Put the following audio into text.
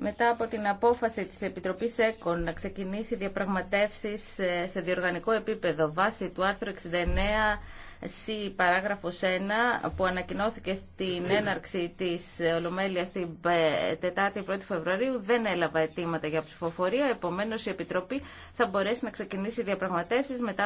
μετά από την απόφαση της Επιτροπής ΕΚΟΝ να ξεκινήσει διαπραγματεύσεις σε διοργανικό επίπεδο βάσει του άρθρου 69 C παράγραφος 1 που ανακοινώθηκε στην έναρξη της Ολομέλειας την 4η 1η Φεβρουαρίου δεν έλαβα αιτήματα για ψηφοφορία, επομένως η Επιτροπή θα μπορέσει να ξεκινήσει διαπραγματεύσεις μετά